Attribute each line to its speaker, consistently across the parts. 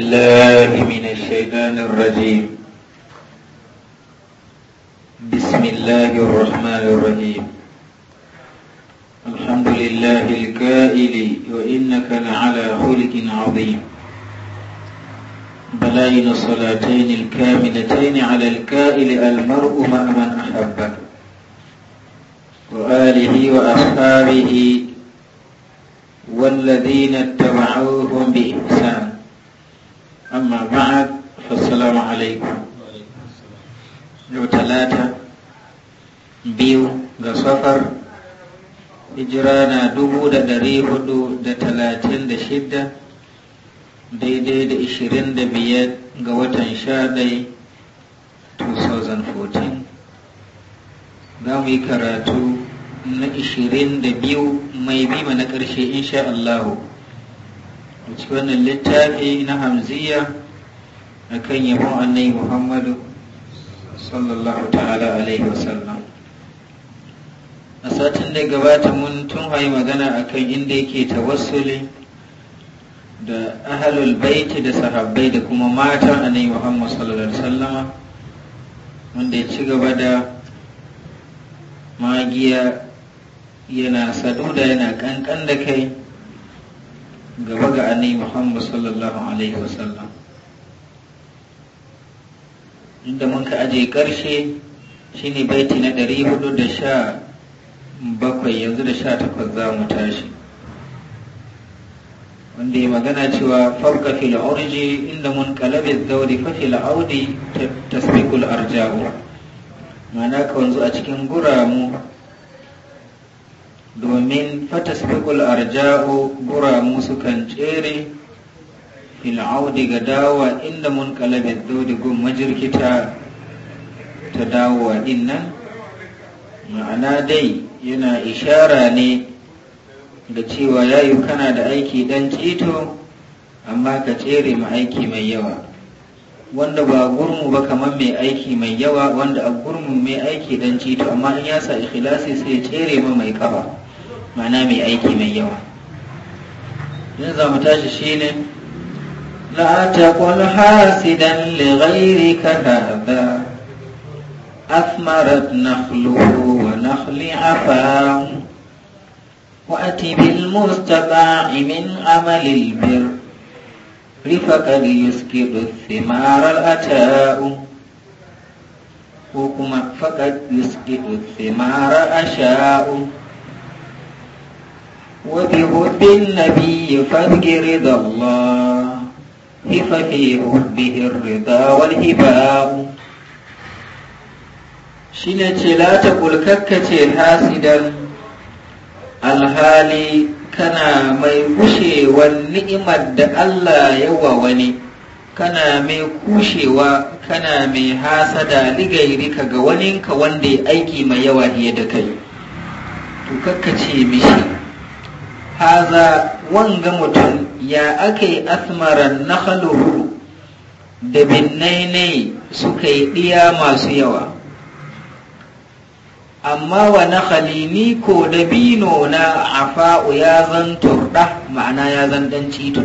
Speaker 1: الله من الشيطان الرجيم بسم الله الرحمن الرحيم الحمد لله الكائل وإنك لعلى خلق عظيم بلائن الصلاتين الكاملتين على الكائل المرء مع من أحبك وآله وأصحابه والذين اتبعوهم بإحسان أما بعد فالسلام عليكم yau talata biyu ga safar hijira na dubu da dari hudu da talatin da shidda daidai da ishirin da biyar ga watan sha ɗai 2014 za mu yi karatu na ishirin da biyu mai bima na ƙarshe insha Allahu cikin wannan littafi na hamziya a kan yabon annabi muhammadu sallallahu ta'ala alaihi wasallam a satin da gabata mun tun hayi magana akan inda yake tawassuli da ahalul baiti da sahabbai da kuma matan annabi muhammad sallallahu alaihi wasallama wanda ya ci gaba da magiya yana saduda yana kankan da kai gaba ga annabi Muhammad sallallahu alaihi wasallam inda mun ka aje karshe shine baiti na ɗari hudu da bakwai yanzu da sha za mu tashi wanda ya magana cewa farka fil urji inda mun kalabe zauri fa fil audi tasbiqul arja'u ma'ana ka wanzu a cikin guramu domin fatasbiqul arja'u guramu sukan tsere filau diga dawa inda mun kalabe dodi majirkita ta dawowa dinnan ma'ana dai yana ishara ne da cewa yayu kana da aiki dan cito amma ka tsere ma aiki mai yawa wanda ba gurmu ba kamar mai aiki mai yawa wanda a gurmu mai aiki dan cito amma in ya sa ikhlasi sai ya tsere ma mai kaba ma'ana mai aiki mai yawa yanzu za mu tashi لا تقل حاسدا لغيرك هذا أثمرت نخله ونخل عفاه وأت بالمستطاع من عمل البر رفقا ليسكب الثمار الأتاء وكما فقد يسكب الثمار أشاء وبحب النبي فاذكر رضا الله ففي حبه الرضا والهباء shine ce lata ta hasidan alhali kana mai gushewan ni'imar da Allah yawa wani kana mai kushewa kana mai hasada ligairi ka ga waninka wanda ya aiki mai yawa fiye da kai to ce mishi haza wanga mutum ya ake yi asmaran na da binnainai suka yi ɗiya masu yawa amma wa na ni ko dabino na afa'u ya zan turɗa ma'ana ya zan ɗan cito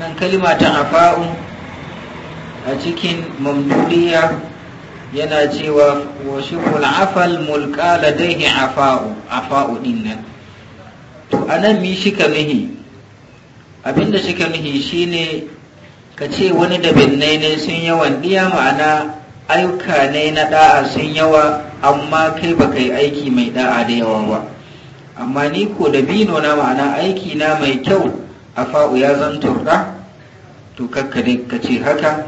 Speaker 1: nan kalima ta afa'u a cikin mamdudiya yana cewa wa shukul mulƙa mulka ladaihi afa'u afa'u ɗin nan a nan mi shi ka mihi abinda shi ka mihi shi ne ka ce wani da binnai ne sun yawan ɗiya ma'ana ayyuka ne na ɗa'a sun yawa amma kai ba yi aiki mai ɗa'a da yawa ba amma ni ko da bino na ma'ana aiki na mai kyau a fa'u ya zan turɗa to kakka dai ka ce haka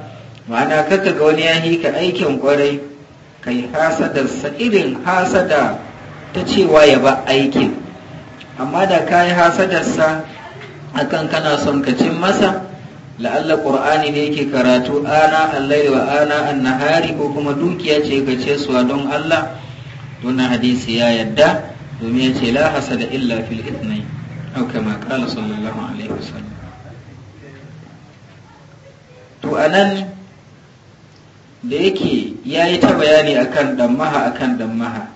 Speaker 1: ma'ana kakka ga wani ya yi ka aikin kwarai kai hasadarsa irin hasada ta cewa ya ba aikin amma da ka yi hasadarsa kan kana son ka cin masa la'alla ƙur'ani ne yake karatu ana allai wa ana annahari ko kuma dukiya ce ka ce suwa don Allah don hadisi ya yadda domin ya ce la hasada illa fil ithnai aw kama qala sallallahu alaihi wasallam to anan da yake ya yi ta bayani akan dammaha akan dammaha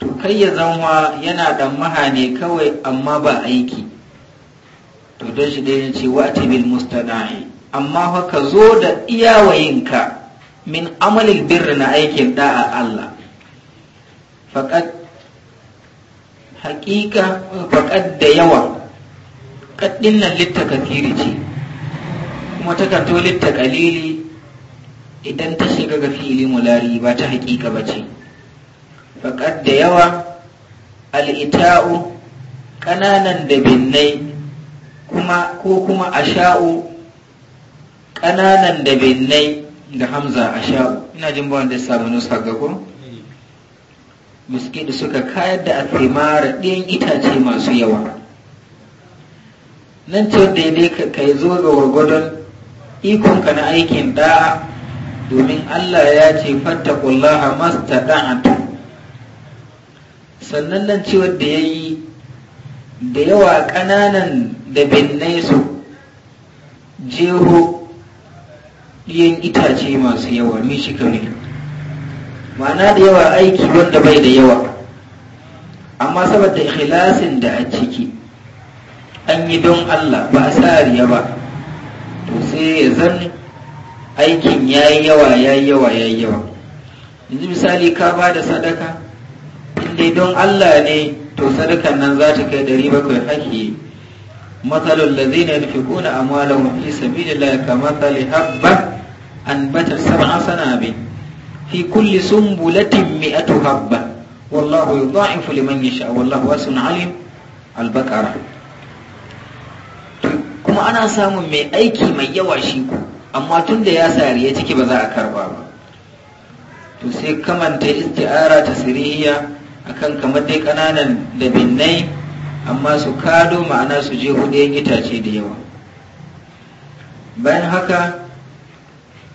Speaker 1: to kai ya zama yana ɗanmaha maha ne kawai amma ba aiki to don shi dai ce wa bil mustana'i amma fa zo da iyawayinka min amalil birri na aikin da'a Allah haƙiƙa faƙad da yawa kaɗin nan litta ce kuma ta kanto litta idan ta shiga ga fili mulari ba ta haƙiƙa ba ce faƙad da yawa al'ita'u ƙananan da kuma ko kuma asha'u ƙananan da dabinnai da hamza asha'u ina jin ba wanda ya samu nusa ga ko miskiɗi suka kayar da alfimara ɗiyan itace masu yawa nan ce daidai ka yi zo ga wargwadon ikonka na aikin da'a domin allah ya ce fattakullaha mastaɗa'atu sannan nan ciwon da ya yi da yawa ƙananan da binnai su jeho ɗiyan itace masu yawa mishika ne ma'ana da yawa aiki wanda bai da yawa amma saboda ikhlasin da a ciki an yi don Allah ba a sariya ba to sai ya zan aikin yayi yawa yayi yawa yayi yawa yanzu misali ka ba da sadaka in don Allah ne to sadakan nan za ta kai ɗari bakwai haƙi matsalar da zai na rufe kuna amwala mafi sabi da laika matsali habba an batar saba sana bin fi kulli sumbulatin mi'atu habba wallahu yudha'ifu liman yasha wallahu wasun alim al kuma ana samun mai aiki mai yawa shi ku amma tun da ya sari ya ciki ba za a karba ba to sai kamanta isti'ara ta sirihiya akan kamar dai ƙananan labinnai amma su kado ma'ana su je hudayen itace da yawa bayan haka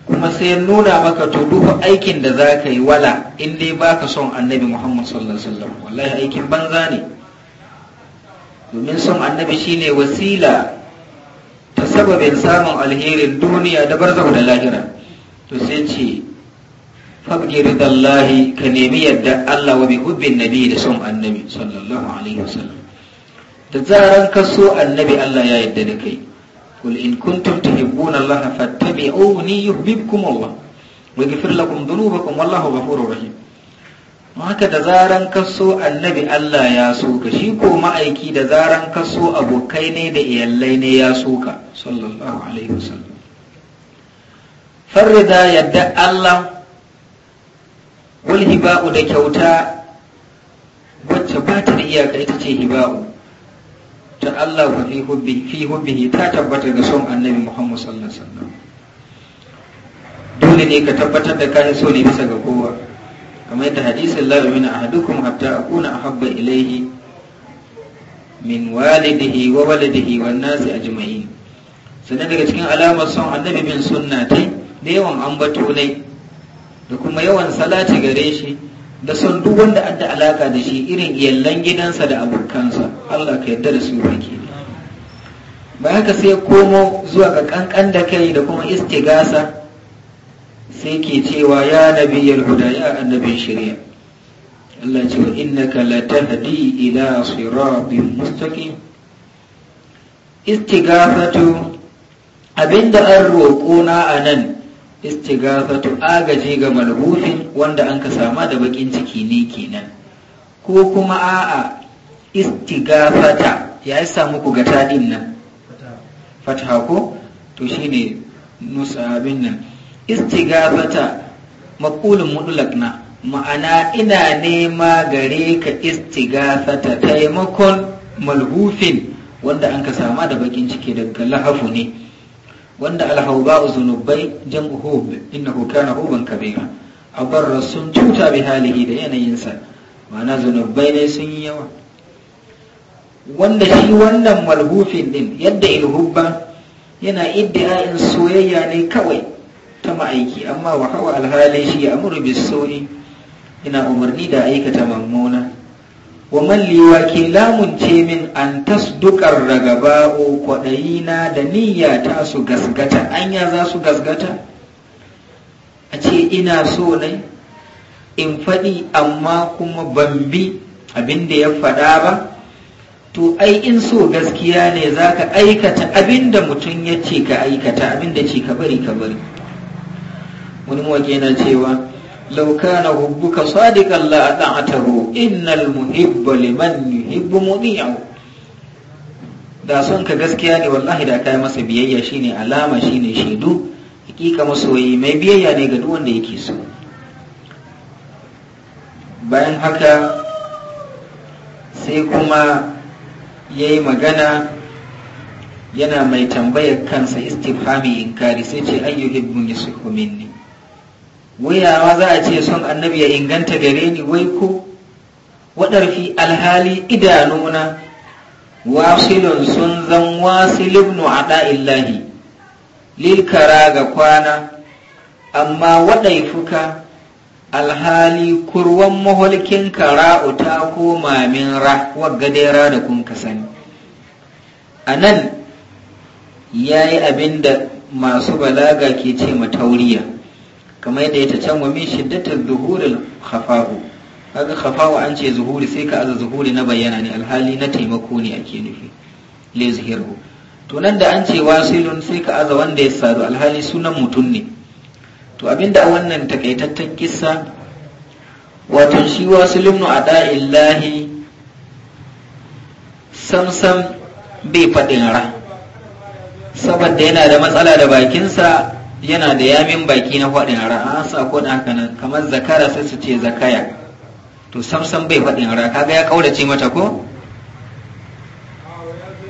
Speaker 1: kuma sai nuna maka to duk aikin da za ka yi wala in dai baka son annabi muhammad sallallahu alaihi wallahi aikin banza ne domin son annabi shine wasila ta sababin samun alherin duniya da barzahu da lahira to sai ce fabgi ridallahi ka nemi yadda Allah wa bi hubbin nabi da son annabi sallallahu alaihi wasallam da zaran ka so annabi Allah ya yadda da kai qul in kuntum tuhibbuna Allah fattabi'uni yuhibbukum Allah wa yaghfir lakum dhunubakum wallahu ghafurur rahim haka da zaran ka so annabi Allah ya so ka shi ko ma'aiki da zaran ka so abokai ne da iyallai ne ya so ka sallallahu alaihi wasallam farida yadda Allah wal hiba'u da kyauta wacce ba ta da iyaka ita ce hiba'u ta Allah wa fi hubbi fi hubbihi ta tabbata ga son annabi Muhammad sallallahu alaihi wasallam dole ne ka tabbatar da kai so ne bisa ga kowa kamar yadda hadisin la yu'minu ahadukum hatta akuna ahabba ilayhi min walidihi wa waladihi wan nasi ajma'in sannan daga cikin alamar son annabi bin sunna ta da yawan ambato ne da kuma yawan salati gare shi da son duk wanda adda alaka da shi irin yallan gidansa da abokansa Allah ka yarda da su baki ba haka sai komo zuwa ga kankan da kai da kuma istigasa sai ke cewa ya nabiyyal huda ya annabin shari'a Allah ce wa innaka tahdi ila siratin mustaqim istighafatu abinda an roƙo na anan istigathatu agaji ga malhufin wanda an ka sama da bakin ciki ne kenan ko kuma a'a istigathata ya yi samu ku gata nan fataha ko to shine nusa abin nan istigathata maqulun mudlaq ma'ana ina nema gare ka taimakon malhufin wanda an ka sama da bakin ciki daga lahafu ne wanda alhauba'u zunubai jam'u hub innahu kana huban kabira abar sun cuta bi halihi da yanayinsa ma'ana zunubai ne sun yi yawa wanda shi wannan malhufin din yadda ilhubba yana 'ya'yan soyayya ne kawai ta ma'aiki amma wa hawa alhali shi ya amuru bis yana umarni da aikata mammuna wa malliwa ke lamunce min an tasdukar ragaba o na da niyya ta su gasgata anya za su gasgata a ce ina so ne in faɗi amma kuma ban bi abin da ya faɗa ba to ai in so gaskiya ne za ka aikata abin da mutum ya ce ka aikata abin da ce ka bari ka bari wani wake na cewa لو كان حبك صادقا لا أطعته إن المحب لمن يحب مطيع da son ka gaskiya ne wallahi da kai masa biyayya shine alama shine shaidu hakika masoyi mai biyayya ne ga duk wanda yake so bayan haka sai kuma ya yi magana yana mai tambayar kansa istifhami inkari sai ce ayyuhibbun yusufu minni wuyawa za a ce son annabi ya inganta gare ni wai ko waɗarfi alhali idanuna wasilun sun zan wasilibnu a ɗa'illahi lilkara ga kwana amma waɗaifuka alhali kurwan maholkin kara'u ta koma min ra waggadera da kun ka sani a nan ya yi abin da masu balaga ke ce matauriya kamar yadda ya ta can wa min shiddatil zuhuril khafa'u kaga hafahu an ce zuhuri sai ka aza zuhuri na bayyana ne alhali na taimako ne ake nufi li zuhiru to nan da an ce wasilun sai ka aza wanda ya sadu alhali sunan mutum ne to abinda a wannan takaitaccen kisa. wato shi wasilun nu ada illahi samsam bai faɗin ra saboda yana da matsala da bakinsa yana da yamin baki na faɗin ra an sa ko da haka nan kamar zakara sai su ce zakaya to samsam bai faɗin ra kaga ya kaurace mata ko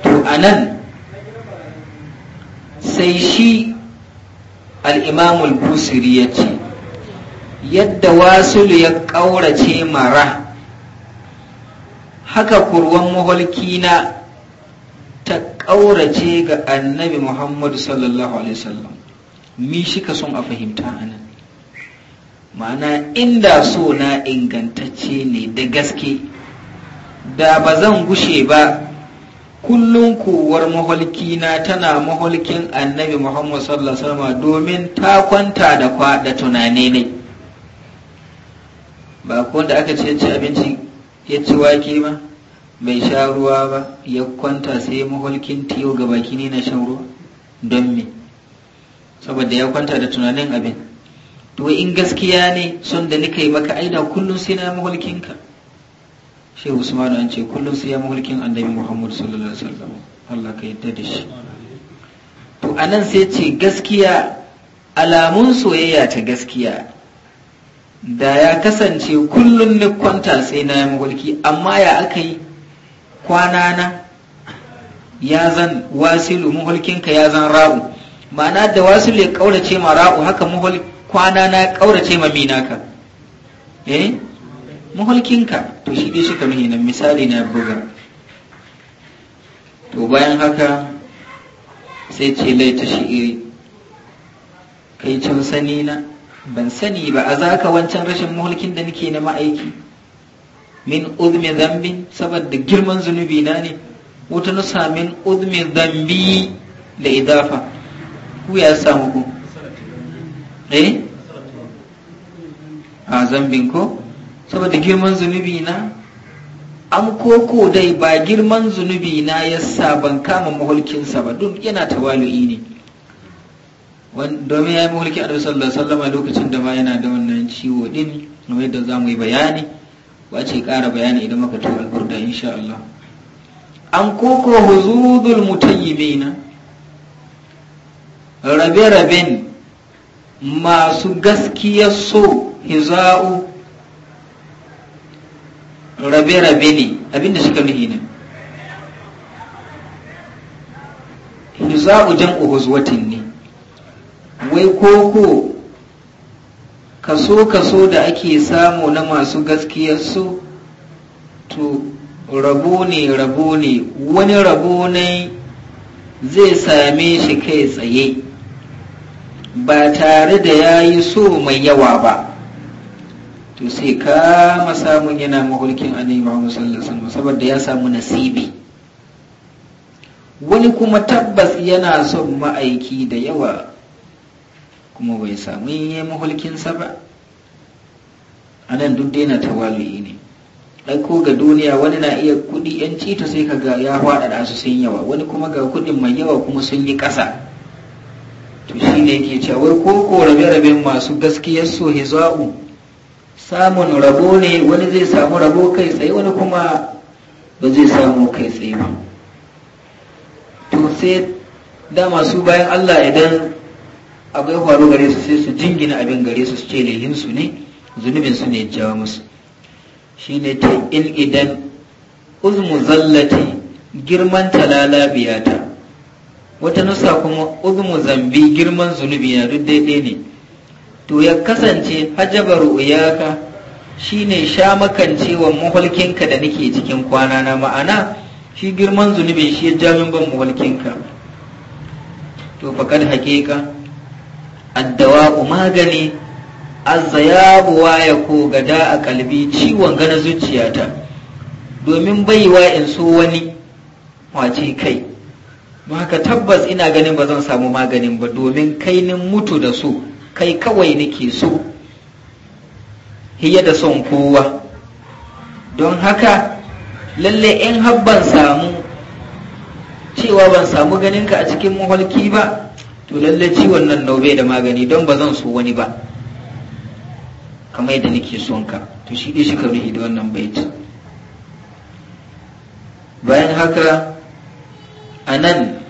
Speaker 1: to anan sai shi al imamul busiri ya ce yadda wasulu ya ƙaurace mara haka kurwan na ta ƙaurace ga annabi muhammadu sallallahu alaihi wasallam mi shi ka son a fahimta a ma'ana inda so na ingantacce ne da gaske da ba zan gushe ba kullum kowar maholkina tana maholkin annabi muhammad sallallahu alaihi wasallam domin ta kwanta da kwa da tunane ne ba ko aka ce ci abinci ya ci wake ma bai sha ruwa ba ya kwanta sai maholkin tiyo ga baki ne na shan ruwa don me saboda ya kwanta da tunanin abin to in gaskiya ne son da nika yi maka aida kullum sai na mahulkinka shi usman an ce kullum sai ya mahulkin annabi muhammad sallallahu alaihi wasallam Allah ka yadda da shi to anan sai ce gaskiya alamun soyayya ta gaskiya da ya kasance kullum ni kwanta sai na yi mahulki amma ya aka yi kwanana ya zan wasilu mahulkinka ya zan ra'u ma'ana da wasu le kaurace ma ra'u haka muhul kwana na kaurace ma minaka eh muhulkinka to shi dai shi ka nuhi nan misali na buga to bayan haka sai ce laita iri. Eh, kai can sani na ban sani ba a zaka wancan rashin muhulkin da nake na ma'aiki min udmi zambi saboda girman zunubi na ne wata nusa min udmi zambi da idafa ku ya samu ku eh a zambin ko saboda girman zunubi na an koko dai ba girman zunubi na ya sa ban kama mahulkinsa ba duk yana tawali'i ne domin ya yi mahulki a sallallahu sallama lokacin da ma yana da wannan ciwo din kamar da za mu yi bayani ba ce ƙara bayani idan muka tuba burda insha Allah an koko huzudul mutayyibina rabe-raben masu gaskiya so hiza'u rabe-rabe ne abinda suka nuhi ne hiza'u jan uhuzwatin ne wai koko kaso-kaso da ake samu na masu gaskiya so to rabo ne rabo ne wani rabo ne zai same shi kai tsaye ba tare da ya yi so mai yawa ba to sai kama samun yana mahulkin annabi Muhammad sallallahu alaihi wasallam saboda ya samu nasibi wani kuma tabbas yana son ma'aiki da yawa kuma bai samu yi mahulkinsa ba a nan duk daina tawali'i ne ai ga duniya wani na iya kudi yan ta sai kaga ya da su sun yawa wani kuma ga kudin mai yawa kuma sun yi ƙasa to shi ne ke cewar ko ko rabe-raben masu gaskiyar so samun rabo ne wani zai samu rabo kai tsaye wani kuma ba zai samu kai tsaye ba to sai dama masu bayan allah idan akwai faru gare su sai su jingina abin gare su su ce su ne su ne jawo musu shi ne ta in idan uzmu zallati girman talala biyata wata nuska kuma uzmu zambi girman zunubi na duk daidai ne to ya kasance hajjabar uyaka shine sha makancewa mahulkinka da nake cikin kwana na ma'ana shi girman zunubi shi ya jamin ban mahulkinka to fakar hakika addawa magani azza ya buwa ya ko gada a kalbi ciwon gana zuciyata domin baiwa in so wani wace kai don haka tabbas ina ganin ba zan samu maganin ba domin kai nin mutu da su. kai kawai nake so hiya da son kowa don haka lalle in habban samu cewa ban samu ganin ka a cikin maholki ba to lalle ciwon nan naube da magani don ba zan so wani ba kamar yadda nake son ka to shi dai shi ka da wannan baiti bayan haka a nan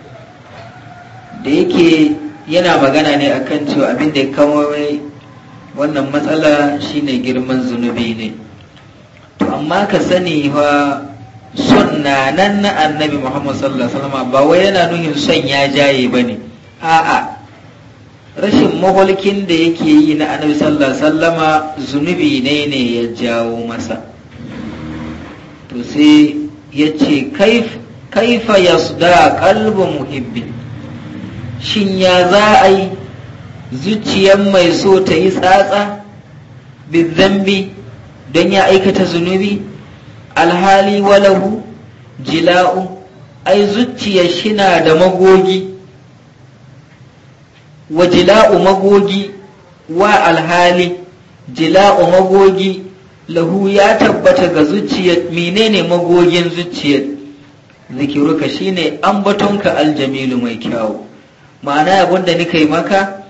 Speaker 1: da yake yana magana ne akan cewa abin da ya kawo wannan matsala shine girman zunubi ne to amma ka sani fa na nan na annabi muhammad sallallahu alaihi ba wai yana nuhin son ya jaye ba ne a'a rashin maholkin da yake yi na annabi sallallahu alaihi zunubi ne ne ya jawo masa to sai ya ce kaif kaifa yasda qalbu muhibbi shin ya za a yi zuciyar mai so ta yi tsatsa bizambi don ya aikata zunubi alhali walahu jila'u ai zuciyar shi na da magogi wa jila'u magogi wa alhali jila'u magogi lahu ya tabbata ga zuciyar menene magogin zuciyar zikiruka shine ambatonka aljamilu mai kyawu ma'ana abin da nika yi maka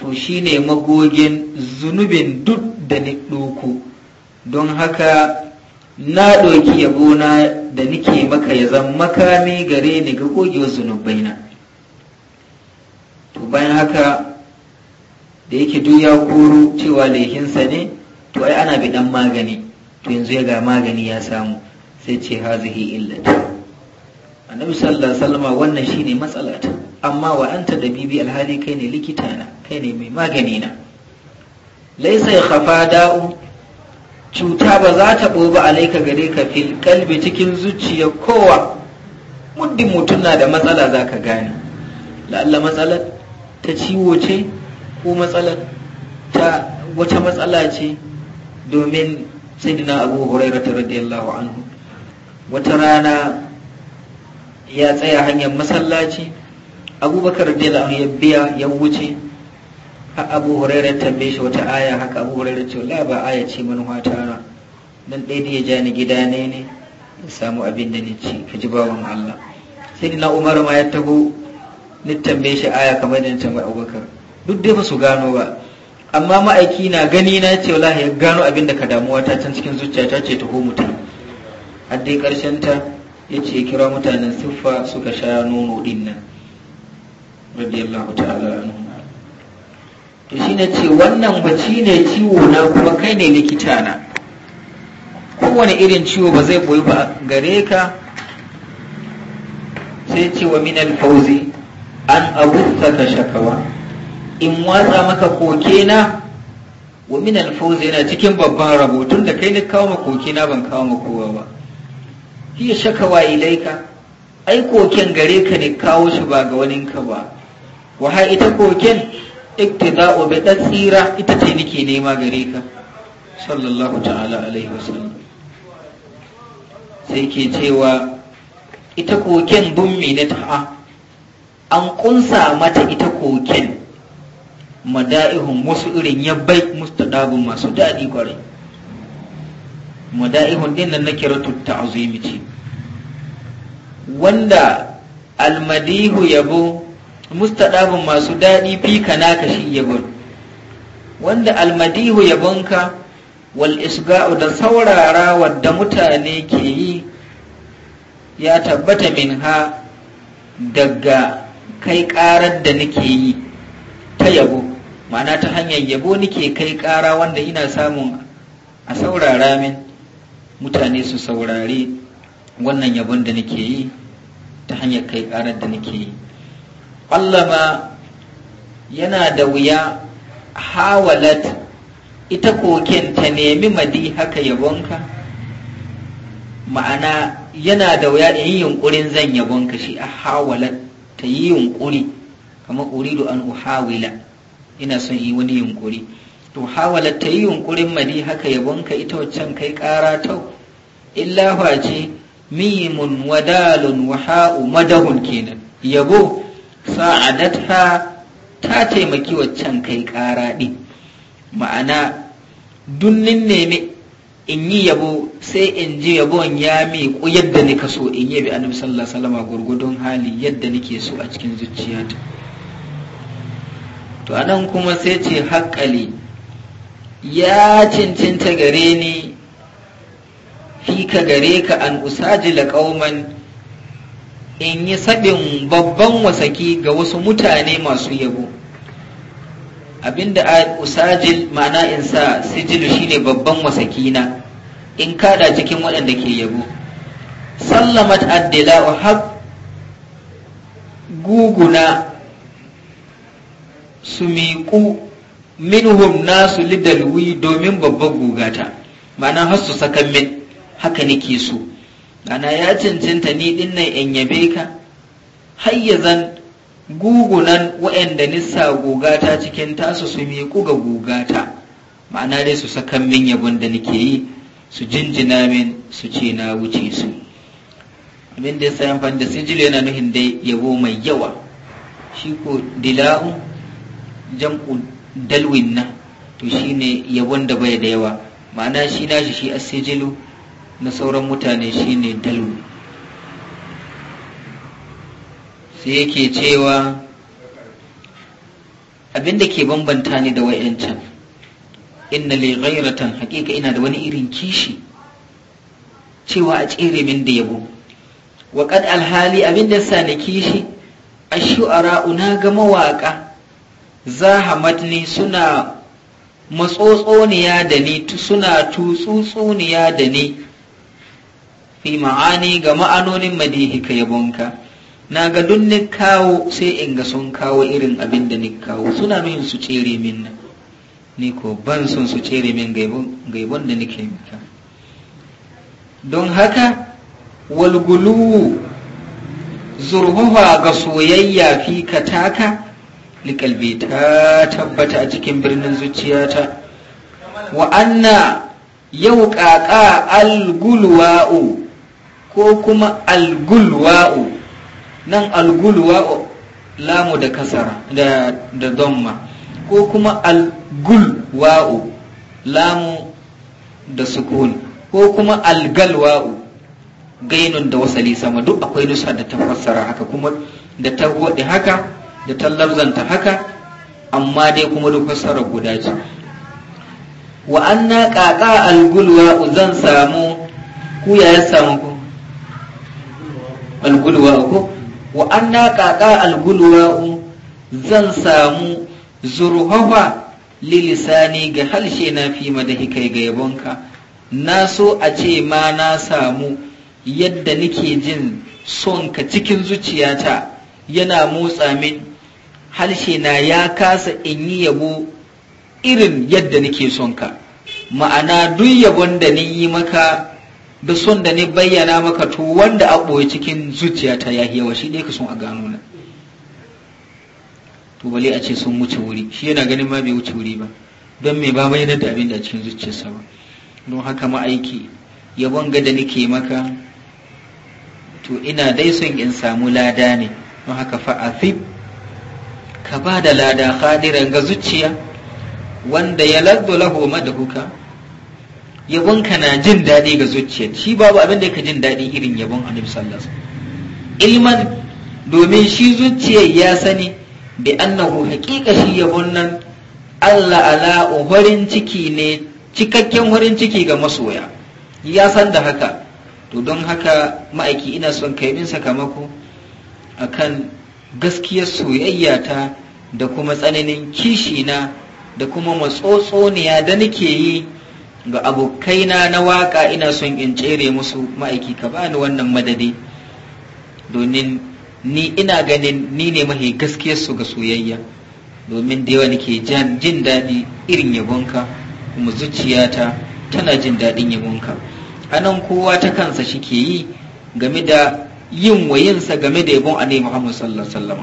Speaker 1: to shine magogin zunubin duk da ni ɗoku don haka na ɗoki yabona da nike maka ya zan makami gare ni ga gogewar zunubaina to bayan haka da yake duk ya koro cewa laihinsa ne to ai ana bi magani to yanzu ya ga magani ya samu sai ce hazihi illata annabi sallallahu alaihi wasallama wannan shine matsalata amma wa anta bibi alhali kai ne likita kai ne mai magani na laisa khafa da'u cuta ba za ta ɓoba alaika gare ka fil kalbi cikin zuciya kowa muddin mutum na da matsala za ka gane la'alla matsalar ta ciwo ce ko matsalar ta wata matsala ce domin sayyidina abu hurairah radiyallahu anhu wata rana ya tsaya hanyar masallaci abubakar da anhu ya biya ya wuce a abu hurairar tambaye shi wata aya haka abu hurairar ce la ba aya ce manuwa ra dan ɗaya da ya ja ni gida ne ne ya samu abin da ni ci ka ji bawan Allah sai ni na Umar ma ya tago ni tambaye shi aya kamar da ni tambaye Abubakar duk dai ba su gano ba amma ma'aiki na gani na ce wallahi ya gano abin da ka damuwa ta can cikin zuciya ta ce taho mutum har dai karshen ta ya ce kira mutanen siffa suka sha nono din nan radiyallahu ta'ala anhu to shi ne ce wannan baci ne ciwo na kuma kai ne likita na kowane irin ciwo ba zai boyi ba gare ka sai ce wa minal fauzi an abuta ka shakawa in watsa maka koke na wa minal fauzi yana cikin babban rabo tun da kai ni kawo ma koke na ban kawo ma kowa ba fi wa ilaika ai koken gare ka ne kawo shi ba ga waninka ba wa ha ita koken iktida'u bi tsira ita ce nake nema gare ka sallallahu ta'ala alaihi wasallam sai ke cewa ita koken bummi na ta'a an kunsa mata ita koken mada'ihun wasu irin yabbai mustadabun masu daɗi kwarai muda'ihun din nan nakiratu ta'zimi wanda almadihu yabo mustadabun masu daɗi fi kana ka shi yabon wanda almadihu yabonka wal isga'u da saurara wadda mutane ke yi ya tabbata min ha daga kai karar da nake yi ta yabo ma'ana ta hanyar yabo nake kai kara wanda ina samun a saurara min mutane su saurari wannan yabon da nake yi ta hanyar kai karar da nake yi ƙwallama yana da wuya hawalat ita koken ta nemi madi haka yabonka ma'ana yana da wuya in yi yunkurin zan yabonka shi a hawalat ta yi yunkuri kamar uridu an uhawila ina son yi wani yunkuri to hawala ta yi yunkurin madi haka ka ita waccan kai ƙara tau illa ce mimun wadalun waha'u madahun kenan yabo ha ta taimaki waccan kai kara ɗin ma'ana dunnin neme in yi yabo sai in ji yabon ya miƙo yadda nika so in yi annabi sallallahu alaihi wasallam gurgudun hali yadda nike so a cikin zuciyata to anan kuma sai ce haƙƙali ya cincinta gare ni fika gare ka an usajila kauman in yi sabin babban wasaki ga wasu mutane masu yabo abinda a usajil ma'ana in sa sijilu shine babban wasaki na in kada cikin waɗanda ke yabo sallamat addila hab guguna su miƙu minhum nasu lidalwi domin babbar gugata ma'ana har su sakan min haka nake so ma'ana ya cancanta ni dinnan in yabe ka hayyazan gugunan wa'anda nisa gugata cikin tasu su miƙu ga gugata ma'ana dai su sakan min yabon da nake yi su jinjina min su ce na wuce su abin da ya sayan fan da sijil yana nuhin dai yabo mai yawa shi ko dila'u jam'u dalwin nan to shi ne yabon da bai da yawa ma'ana shi nashi shi asijilu na sauran mutane shi ne dalwi sai yake cewa abinda ke bambanta ni da wayancan inna li ghairatan haƙiƙa ina da wani irin kishi cewa a tsere min da yabo wa alhali abinda sa ne kishi ashu'ara na ga mawaƙa zahamatni suna matsotsoniya da ni suna tutsutsuniya da ni fi ma'ani ga ma'anonin madihi ka yabonka na ga duk ni kawo sai in ga sun kawo irin abin da ni kawo suna min su cere min nan ni ko ban son su cere min gaibon da ke maka don haka walgulu zurhuwa ga soyayya fi kataka liƙalbi ta tabbata a cikin birnin zuciyata wa anna yau ƙaƙa algulwa'u ko kuma algulwa'u nan algulwa'u lamu da kasara da, da domma ko kuma algulwa'u lamu da sukun ko kuma algalwa'u gainun da wasali sama duk akwai nusa da ta fassara haka kuma da ta haka da ta haka amma dai kuma duk fassarar guda ce wa anna qaqa al-gulwa zan samu ku ya samu ku al-gulwa ku wa anna qaqa al-gulwa zan samu lilisani ga halshe na fi madahi kai ga yabonka na so a ce ma na samu yadda nake jin son ka cikin zuciyata yana motsa min harshe na ya kasa in yi yabo irin yadda nake son ka ma'ana duk yabon da ni yi maka da son da ni bayyana maka to wanda a ɓoye cikin zuciyata ya yawa shi ɗaya ka son a gano na to bale a ce sun wuce wuri shi yana ganin ma bai wuce wuri ba don me ba bayyana da abin da cikin zuciyarsa ba don haka ma'aiki yabon ga da nake maka to ina dai son in samu lada ne don haka fi. ka ba da lada khadiran ga zuciya wanda ya lazzo lahu madhuka yabonka na jin daɗi ga zuciya shi babu abin da yake jin daɗi irin yabon annabi sallallahu alaihi ilman domin shi zuciyar ya sani bi annahu haƙiƙa shi yabon nan Allah ala horin ciki ne cikakken horin ciki ga masoya ya san da haka to don haka ma'aiki ina son kai min sakamako akan gaskiyar soyayyata da kuma tsananin kishina da kuma matsotsoniya da nake yi ga abokaina na waka. ina son in tsere musu ma'aiki ka bani wannan madadi domin ni ina ganin ni ne mahi su ga soyayya domin da yawa nake jin daɗi irin yabonka kuma zuciyata tana jin daɗin yabonka anan kowa ta kansa shi ke yi game da yin wayinsa game da yabon annabi Muhammad sallallahu alaihi wasallam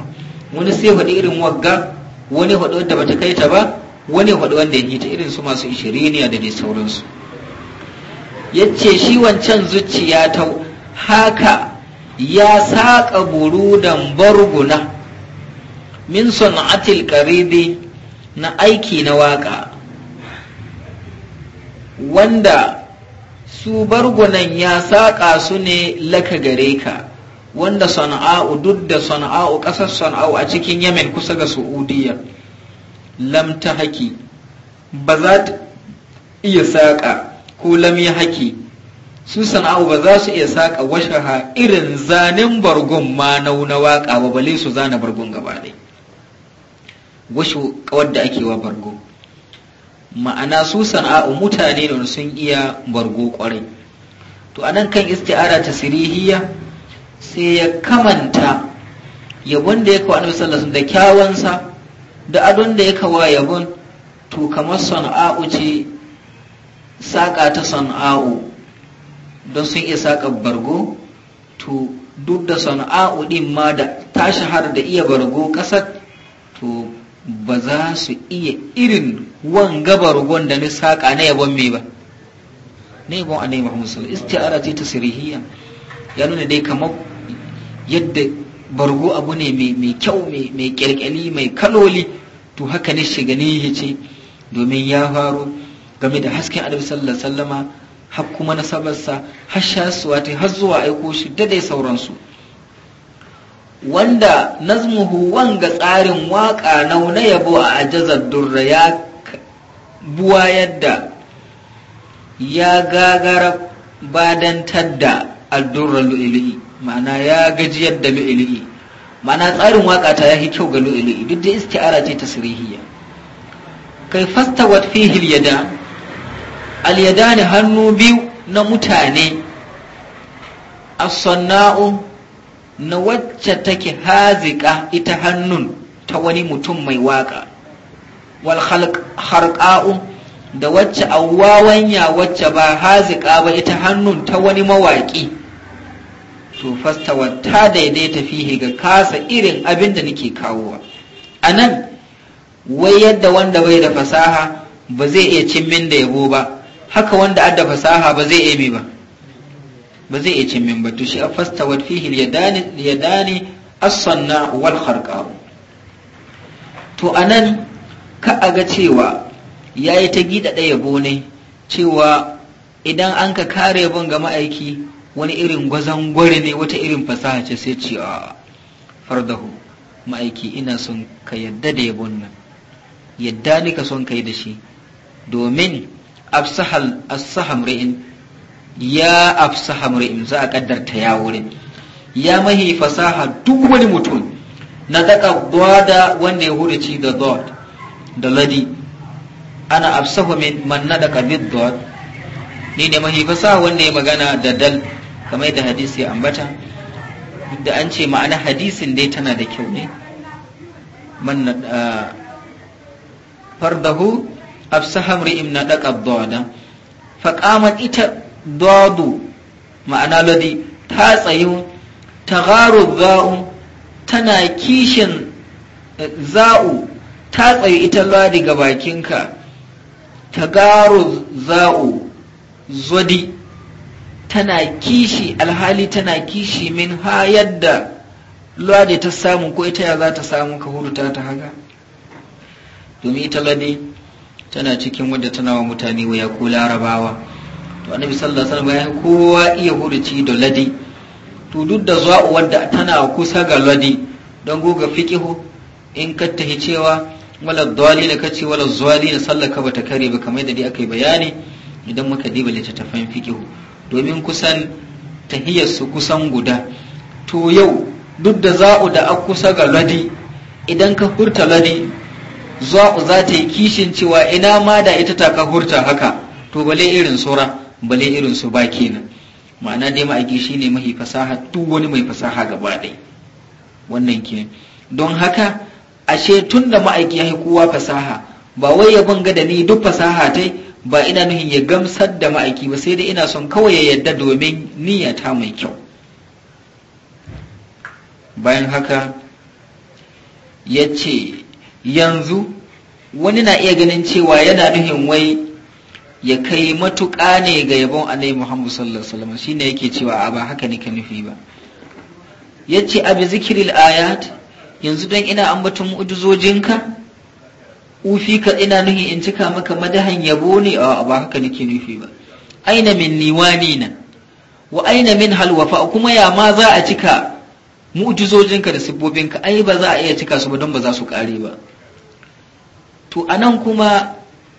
Speaker 1: wani sai faɗi irin wagga wani faɗi wanda bata kai ta ba wani faɗi wanda ya ta irin su masu ishiriniya da dai sauransu yace shi wancan zuciya ta haka ya saƙa burudan barguna min sun'atil qaribi na aiki na waƙa wanda su bargunan ya saƙa su ne laka gare ka wanda sana'a'u duk da sana'a'u ƙasar sana'a'u a cikin yamen kusa ga su'udiyya lam ta haki ba za ta iya saƙa ko lam ya haki su sana'a'u ba za su iya saƙa washaha irin zanen bargon ma na waƙa ba bale su zana bargon gaba ɗaya washe kawar da ake wa bargo ma'ana su sana'a'u mutane ne sun iya bargo ƙwarai to anan kan isti'ara tasirihiyya sai ya kamanta yabon da ya kawo annabi sallallahu alaihi da kyawansa da adon da ya kawo yabon to kamar sana'a'u ce saƙa ta sana'a'u don sun iya saƙa bargo to duk da sana'a'u ɗin ma da ta shahar da iya bargo ƙasar to ba za su iya irin wanga bargon da ni saƙa na yabon me ba na yabon annabi muhammad sallallahu alaihi wasallam ce ta sirihiyya ya nuna dai kamar yadda bargo abu ne mai kyau mai kyalkyali mai kaloli to haka ne shiga ne ya ce domin ya faro game da hasken annabi sallallahu alaihi wasallama har kuma nasabarsa har shasuwa ta har zuwa aiko shi da sauransu wanda nazmuhu wanga tsarin waka nauna yabo a ajazar durra ya buwa yadda ya gagara badantar da addurra lu'ilu'i ma'ana ya gajiyar da lu'ili'i ma'ana tsarin waka ta yi kyau ga lu'ili'i duk da isti'ara ce ta tasrihiyya kai fastawat fihi al-yada al ne hannu biyu na mutane as-sanna'u na wacce take hazika ita hannun ta wani mutum mai waka wal harqa'u da wacce awawanya wacce ba hazika ba ita hannun ta wani mawaki to fastawar ta daidaita fihi ga kasa irin abin da nake kawowa a nan wai yadda wanda bai da fasaha ba zai iya cimmin da yabo ba haka wanda adda fasaha ba zai iya ba ba zai iya cimmin ba to shi a fastawa fihi yadani as-sanna wal kharqa to a nan, ka a ga cewa ya yi ta gida da yabo ne cewa idan an ka kare yabon ga ma'aiki wani irin gwazon gwari ne wata irin fasaha ce sai ce a fardahu ma'aiki ina son ka yadda da yabon nan yadda ni ka son kai da shi domin afsahal asaham ri'in ya afsahamri'in za a kaddarta ya wurin ya mahi fasaha duk wani mutum na daga gwada wanda ya hurici da dot da ladi ana afsahu min man nadaka bid dot ni ne mahi fasaha wanda ya magana da dal kamar yadda hadisi ya ambata da an ce ma'ana hadisin dai tana da kyau ne Fardahu fardahu afsaha imri'in na daka dada faqamat ita dadu ma'ana ladi ta tsayu garo za'u tana kishin e, za'u ta tsayu ita ladi ga bakinka ta garo za'u zodi tana kishi alhali tana kishi min ha yadda lade ta samu ko ita ya za ta samu ka huruta ta haka domin ita lade tana cikin wadda tana wa mutane waya ko larabawa to annabi sallallahu alaihi wasallam kowa iya huruci da lade to duk da zuwa wadda tana kusa ga lade don goga fiqihu in ka tahi cewa wala dalil ka ce wala zalil sallaka bata kare ba kamar da dai akai bayani idan muka diba littattafan fikihu. domin kusan tahiyarsu kusan guda to yau duk da za'u da a kusa ga ladi idan ka hurta ladi za'u za ta yi kishin cewa ina ma da ita ta ka hurta haka to bale irin sura bale irin su ba kenan ma'ana dai ma'aiki ne mahi fasaha duk wani mai fasaha gaba ɗaya wannan ke don haka ashe tun da ma'aiki ya kowa fasaha ba wai ya banga da ni duk fasaha tai ba ina nuhin ya gamsar da ma'aiki ba sai dai ina son kawai ya yadda domin niyata mai kyau bayan haka ya ce yanzu wani na iya ganin cewa yana nuhin wai ya kai matuƙa ne ga yabon annabi muhammad sallallahu alaihi wasallam shine yake cewa a ba haka ka nufi ba ya ce abi zikiril ayat yanzu don ina ambaton mu'ujizojinka ufi ka ina nuhi in cika maka madahan yabo ne a ba haka nake nufi ba aina min niwani na. wa aina min halwafa kuma ya ma za a cika mu'jizojinka da sibbobinka ai ba za a iya cika su ba don ba za su kare ba to anan kuma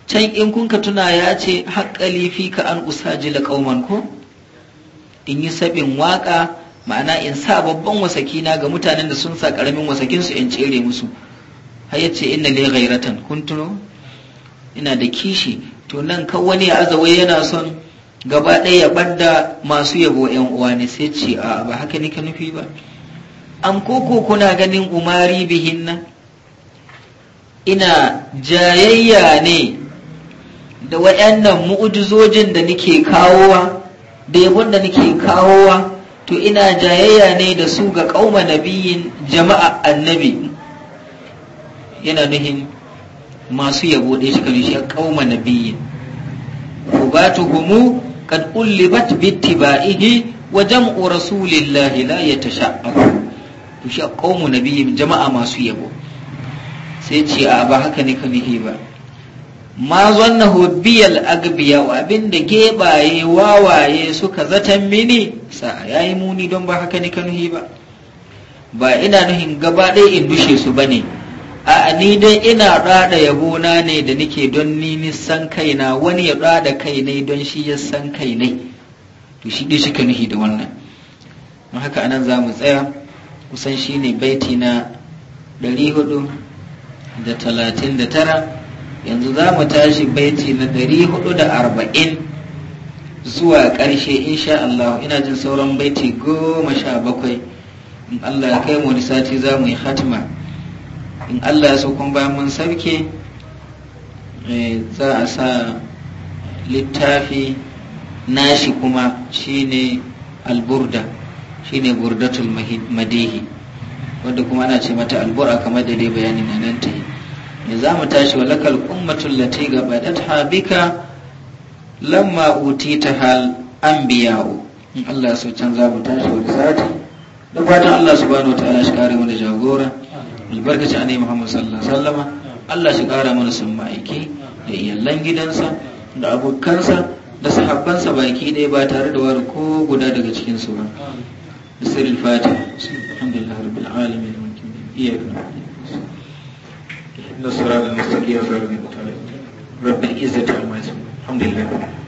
Speaker 1: can in kun ka tuna ya ce haƙƙali fi ka an usajila ƙauman ko in yi sabin waƙa ma'ana in sa babban wasakina ga mutanen da sun sa ƙaramin wasakinsu in cere musu har ya ce inna le gairatan kun tuno ina da kishi to nan kan wani ya azawa yana son gaba ɗaya ya ɓadda masu yabo yan uwa ne sai ce a ba haka ka nufi ba an koko kuna ganin umari bihin nan? ina jayayya ne da waɗannan mu'ujizojin da nake kawowa da yabon da nake kawowa to ina jayayya ne da su ga ƙauma nabiyin jama'a annabi yana nuhin masu yabo ɗaya suka shi kauma nabiyyin hubatuhumu kad ullibat bittiba'ihi wa jam'u rasulillahi la yatasha'abu to shi qaumu nabiyyin jama'a masu yabo sai ce a ba haka ne ka nuhi ba ma zanna hubiyal agbiya wa da gebaye wawaye suka zatan mini sa yayi muni don ba haka ne ka nuhi ba ba ina nuhin gaba ɗaya in dushe su bane a ni dai ina rada yabona ne da nake don ni nisan kaina wani ya rada kai ne don shi ya san kai ne to shi dai shika nuhi da wannan don haka anan za mu tsaya kusan shi ne baiti na 439 yanzu za mu tashi baiti na 440 zuwa ƙarshe insha Allah ina jin sauran baiti goma sha bakwai in Allah ya kai mu ni sati za mu yi hatima in allah ya so kuma bayan mun sarke eh, za a sa littafi nashi kuma shine alburda shine burdatul madihi wadda kuma ana ce mata albura kamar da dai bayani na nan ta yi za mu tashi wa lakal ummatul lati gabadat habika lamma utita hal anbiya'u in Allah so can za mu tashi wani sati da fatan Allah subhanahu wa ta'ala shi kare mu da jagora albarkacin annabi Muhammad sallallahu alaihi Allah shi kara mana sun ma'aiki da iyalan gidansa da abokansa da sahabbansa baki ɗaya ba tare da wari ko guda daga cikin su ba bisir al alhamdulillah rabbil alamin iyyaka na'budu wa iyyaka